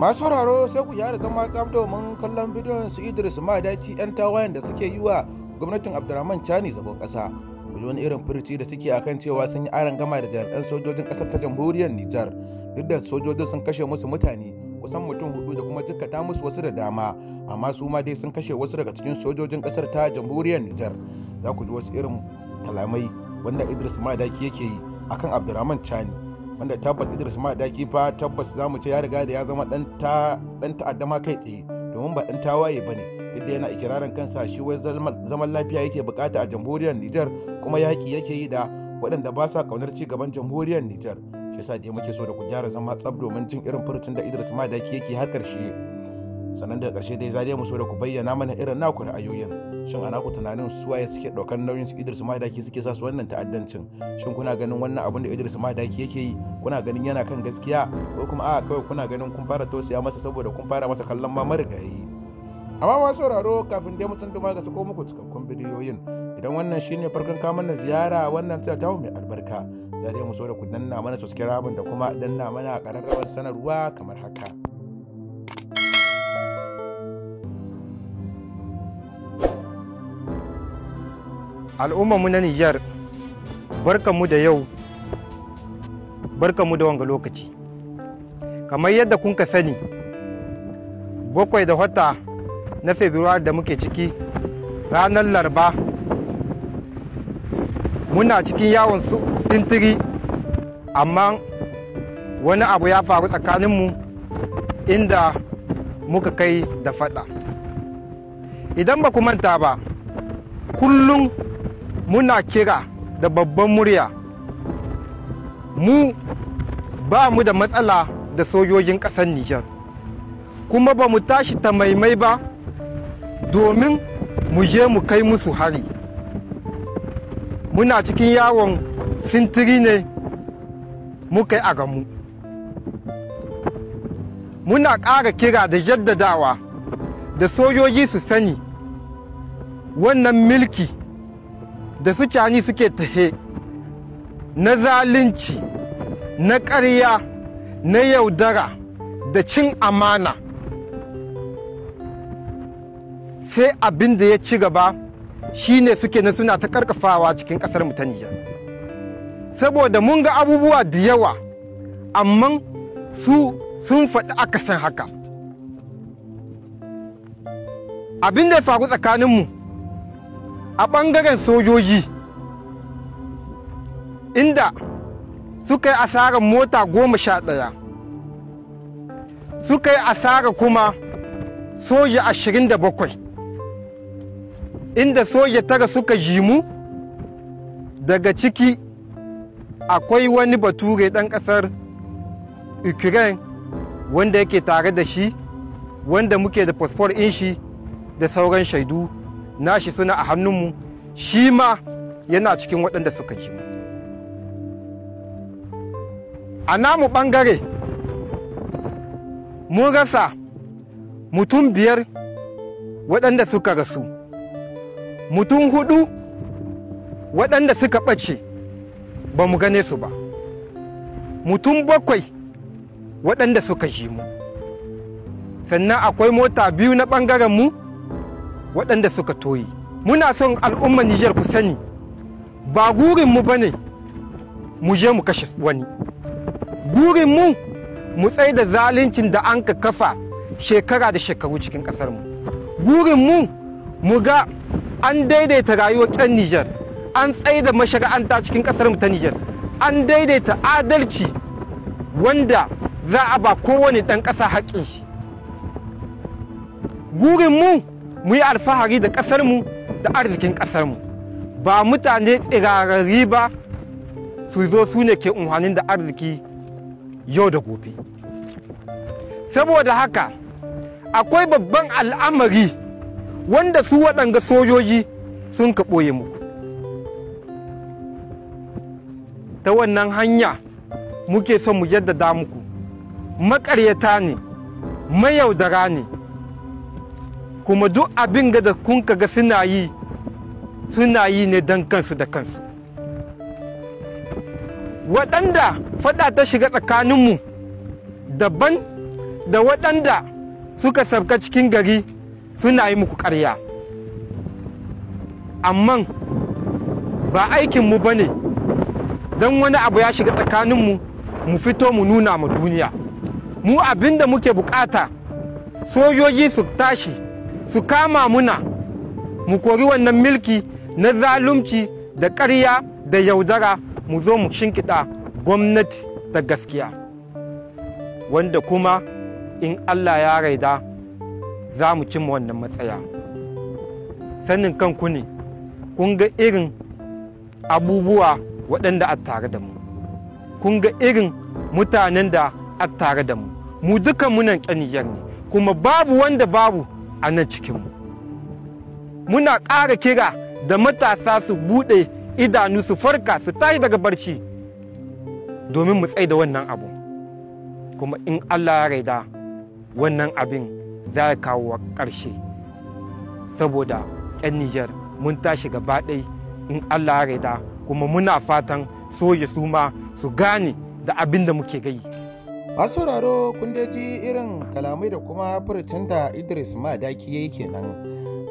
masu sauraro sai ku yara zama tsaf domin kallon bidiyon su idris madaki yan tawayen da suke yi wa gwamnatin abdurrahman chani zabon kasa ku wani irin firci da suke akan cewa sun yi aron gama da jami'an sojojin kasar ta jamhuriyar nijar duk da sojojin sun kashe musu mutane kusan mutum hudu da kuma jikkata musu wasu da dama amma su ma dai sun kashe wasu daga cikin sojojin kasar ta jamhuriyar nijar za ku ji wasu irin kalamai wanda idris madaki yake yi akan abdurrahman chani wanda tabbas Idris ma daki fa tabbas za mu ce ya riga da ya zama dan ta dan ta'adda ma kai tsaye domin ba dan tawaye bane duk da yana ikirarin kansa shi wai zaman lafiya yake bukata a jamhuriyar Nijar kuma yaki yake yi da waɗanda ba sa kaunar ci gaban jamhuriyar Nijar shi yasa dai muke so da ku gyara zama tsab domin jin irin furucin da Idris ma daki yake har karshe sannan da karshe dai za mu so da ku bayyana mana irin naku ra'ayoyin shin ana ku tunanin su waye suke ɗaukan nauyin su Idris Madaki suke sa su wannan ta'addancin shin kuna ganin wannan abin da Idris Madaki yake yi kuna ganin yana kan gaskiya ko kuma a kawai kuna ganin kun fara tausaya masa saboda kun fara masa kallon ma marigayi amma ma sauraro kafin dai mu san duma ga sako muku cikakkun bidiyoyin idan wannan shine farkon kamar na ziyara wannan ta tawo mai albarka za mu so da ku danna mana subscribe da kuma danna mana ƙararrawar sanarwa kamar haka mu na Nijar barkanmu da yau barkanmu da wanga lokaci kamar yadda kun ka sani bakwai da wata na februari da muke ciki ranar larba muna cikin yawon sintiri amma wani abu ya faru tsakaninmu inda muka kai da fada idan ba ku manta ba kullum muna kira da babban murya mu ba mu da matsala da sojojin ƙasar Nijar kuma ba mu tashi ta maimai ba domin mu je mu kai musu hari muna cikin yawon sintiri ne muka yi a gamu muna ƙara kira da jaddadawa da sojoji su sani wannan milki da su cani suke tahe na zalunci na ƙarya na yaudara da cin amana sai abin da ya ci gaba shine suke na suna ta ƙarƙafawa cikin ƙasar mutaniya ta saboda mun ga abubuwa da yawa amma su sun faɗi akasin haka abin da ya faru tsakaninmu a ɓangaren sojoji inda suka yi asarar mota goma sha ɗaya suka yi asarar kuma soja ashirin da bakwai inda soja tara suka jimu daga ciki akwai wani bature ɗan ƙasar ukraine wanda yake tare da shi wanda muke da fosfor shi da sauran shaidu nashi suna a hannunmu shi ma yana cikin waɗanda suka yi mu a namu ɓangare mun rasa mutum biyar waɗanda suka rasu mutum hudu waɗanda suka ɓace ba mu gane su ba mutum bakwai waɗanda suka yi mu sannan akwai mota biyu na ɓangaren mu waɗanda suka toyi muna son al'ummar Nijar ku sani ba gurinmu ba ne mu je mu kashe wani gurinmu mu tsaye da zaluncin da an ka kafa shekara da shekaru cikin ƙasarmu gurinmu mu ga an daidaita rayuwar ƙyan Nijar an tsaye da mashara'anta cikin ƙasarmu ta Nijar an daidaita adalci wanda za a ba kowane ɗan ƙasa haƙƙin shi gurinmu mu yi alfahari da ƙasarmu da arzikin ƙasarmu ba mutane tsirarari ba su zo su ne ke unhanin da arziki yau da gobe saboda haka akwai babban al'amari wanda su waɗanga sojoji sun ka ɓoye muku ta wannan hanya muke son mu jaddada muku maƙaryata ne mayaudara ne kuma duk abin da kun ga suna yi suna yi ne don kansu da kansu waɗanda faɗa ta shiga tsakaninmu daban da waɗanda suka sabka cikin gari suna yi muku ƙarya amma ba aikinmu ba ne don wani abu ya shiga tsakaninmu mu fito mu nuna mu duniya mu abin da muke bukata sojoji su tashi su kama muna mu kori wannan milki na zalunci da ƙarya da yaudara mu zo mu shinkiɗa gwamnati ta gaskiya wanda kuma in allah ya raida za mu cimma wannan matsaya sanin kanku ne kun ga irin abubuwa waɗanda a tare da mu kun ga irin mutanen da a tare da mu mu duka munan ƙaniyar ne kuma babu wanda babu a nan cikinmu muna ƙara kira da matasa su buɗe idanu su farka su tashi daga barci domin mu tsaye da wannan abu kuma in allah ya raida wannan abin za ya kawo ƙarshe saboda 'yan nijar mun tashi gaba ɗai in allah ya raida kuma muna fatan soya su ma su gane da abin da muke gai. sauraro kun dai ji irin kalamai da kuma furucin da idris madaki ya yi kenan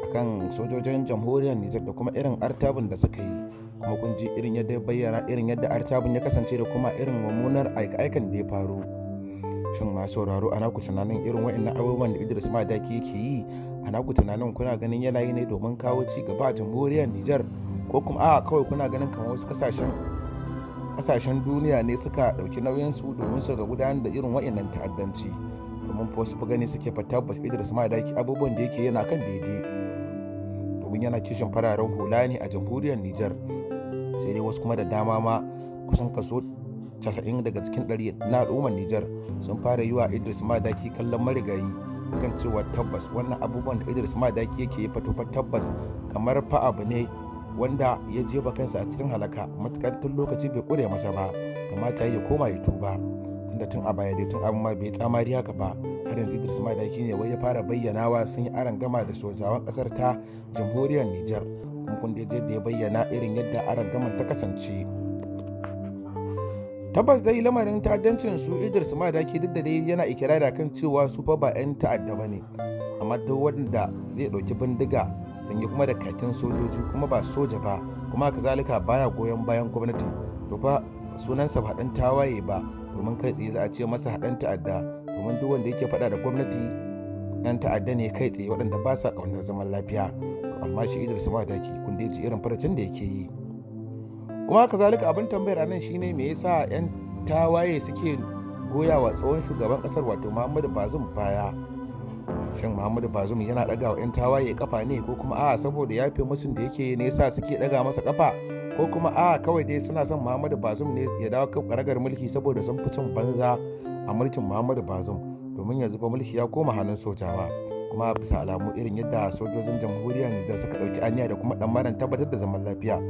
akan sojojin jamhuriyar nijar da kuma irin artabin da suka yi kuma kun ji irin yadda ya bayyana irin yadda artabin ya kasance da kuma irin mummunar aikin da ya faru shin ma sauraro ana ku tunanin irin wa'annan abubuwan da idris madaki yake yi ana ku tunanin kuna ganin yana yi ne domin kawo ci gaba a jamhuriyar nijar ko kuma a kawai kuna ganin kamar wasu kasashen kasashen duniya ne suka nauyin su domin su gudanar da irin wa'annan ta'addanci domin fa wasu gani suke fa tabbas idris ma yake abubuwan da yake yana kan daidai domin yana kishin fararen hula ne a jamhuriyar niger sai dai wasu kuma da dama ma kusan kaso 90 daga cikin ɗari na al'ummar niger sun fara yi wa idris Madaki kallon marigayi kan cewa tabbas wannan abubuwan da idris Madaki yake yi fato fa tabbas kamar fa abu ne wanda ya jefa kansa a cikin halaka matukar tun lokaci bai kure masa ba kamata ya koma ya tuba tunda tun a baya dai tun amma ma bai tsamari haka ba har yanzu Idris Madaki ne wai ya fara bayyanawa sun yi aron gama da sojawan kasar ta jamhuriyar Nijar kuma kun da ya bayyana irin yadda aran gaman ta kasance tabbas dai lamarin ta'addancin su Idris Madaki duk da dai yana ikirari kan cewa su fa ba 'yan ta'adda ba ne amma duk wanda zai ɗauki bindiga sanye kuma da kakin sojoji kuma ba soja ba kuma kazalika baya goyon bayan gwamnati to fa sunansa ba dan tawaye ba domin kai tsaye za a ce masa haɗan ta'adda domin duk wanda yake faɗa da gwamnati dan ta'adda ne kai tsaye waɗanda ba sa ƙaunar zaman lafiya amma shi Idris ba daki kun dai ji irin farcin da yake yi kuma kazalika abin tambayar a nan shine me yasa yan tawaye suke goyawa tsohon shugaban ƙasar wato Muhammadu Bazum baya shin muhammadu bazum yana daga wa 'yan tawaye kafa ne ko kuma a saboda ya fi musun da yake ne sa suke daga masa kafa ko kuma a kawai dai suna son muhammadu bazum ne ya dawo kan karagar mulki saboda sun fi cin banza a mulkin muhammadu bazum domin yanzu fa mulki ya koma hannun sojawa kuma bisa alamu irin yadda sojojin jamhuriya nijar suka dauki aniya da kuma maran tabbatar da zaman lafiya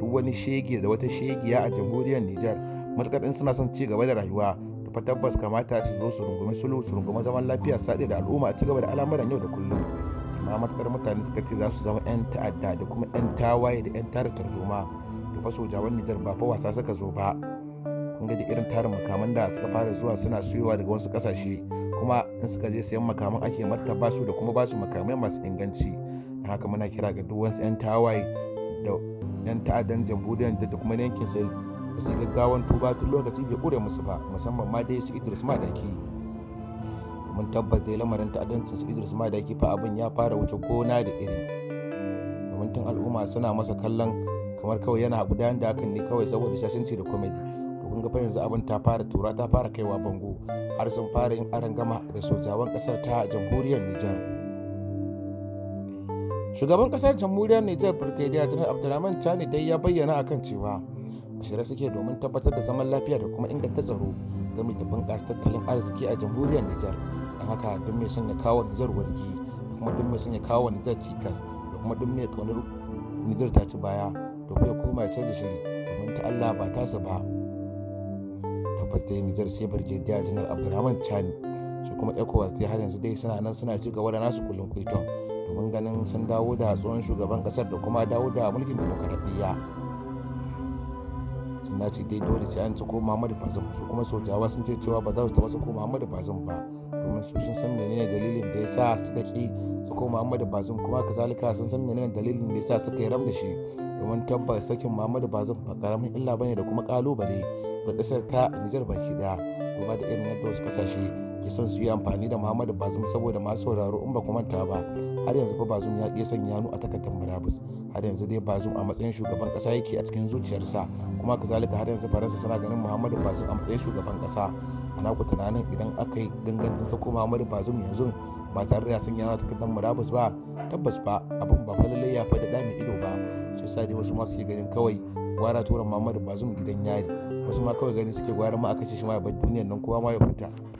duk wani shege da wata shegiya a jamhuriyar nijar matuƙar suna son ci gaba da rayuwa fa tabbas kamata su zo su rungumi sulhu su rungumi zaman lafiya su da al'umma a cigaba da al'amuran yau da kullum amma matakar mutane suka ce za su zama 'yan ta'adda da kuma 'yan tawaye da 'yan tara tarzoma da fa sojawan nijar ba fa wasa suka zo ba kun ga irin tarin makaman da suka fara zuwa suna suyowa daga wasu kasashe kuma in suka je sayan makaman ake martaba su da kuma basu makamai masu inganci da haka muna kira ga duk wasu 'yan tawaye da 'yan ta'addan jamhuriyar da kuma yankin sai da su gaggawan tuba tun lokaci bai ƙure musu ba musamman ma dai su idris madaki domin tabbas dai lamarin ta'addancin su idris madaki fa abin ya fara wuce gona da iri domin tun al'umma suna masa kallon kamar kawai yana gudanar da hakan ne kawai saboda shashinci da komedi to kun ga fa yanzu abin ta fara tura ta fara kaiwa bango har sun fara yin aron gama da sojawan kasar ta jamhuriyar nijar shugaban kasar jamhuriyar niger brigadier general abdulrahman chani dai ya bayyana akan cewa a shirye suke domin tabbatar da zaman lafiya da kuma inganta tsaro game da bunƙasa tattalin arziki a jamhuriyar Nijar don haka duk mai son ya kawo Nijar wargi da kuma duk mai son ya kawo Nijar cikas da kuma duk mai ƙaunar Nijar ta ci baya to ya koma ya canza shiri domin ta Allah ba ta su ba tabbas dai Nijar sai Brigadier General Abdulrahman Chani shi kuma ECOWAS dai har yanzu dai suna nan suna ci gaba da nasu kullum kuiton domin ganin sun dawo da tsohon shugaban kasar da kuma dawo da mulkin demokaradiyya sun ya dai dole sai an ci ko mada Bazum su kuma sojawa sun ce cewa ba za su taba su ko mada ba domin su sun san menene dalilin da ya sa suka ki su ko mada kuma kazalika sun san menene dalilin da ya sa suka yi ram shi domin tabbas sakin Muhammadu Bazum ba karamin illa bane da kuma kalubale ga kasar ta Nijar baki da kuma da irin yadda wasu kasashe ke son su yi amfani da Muhammadu Bazum saboda masu sauraro in ba kuma manta ba har yanzu fa bazum ya ƙi sanya hannu a takardar murabus har yanzu dai bazum a matsayin shugaban kasa yake a cikin zuciyarsa kuma kazalika har yanzu faransa suna ganin muhammadu bazum a matsayin shugaban kasa ana ku tunanin idan aka yi gangantin sako muhammadu bazum yanzu ba tare da ya sanya hannu a takardar murabus ba tabbas ba abin ba lallai ya faɗi da mai ido ba shi yasa dai wasu ma suke ganin kawai gwara tura muhammadu bazum gidan yari wasu ma kawai ganin suke gwara ma a kashe shi ma ya bar duniyar nan kowa ma ya huta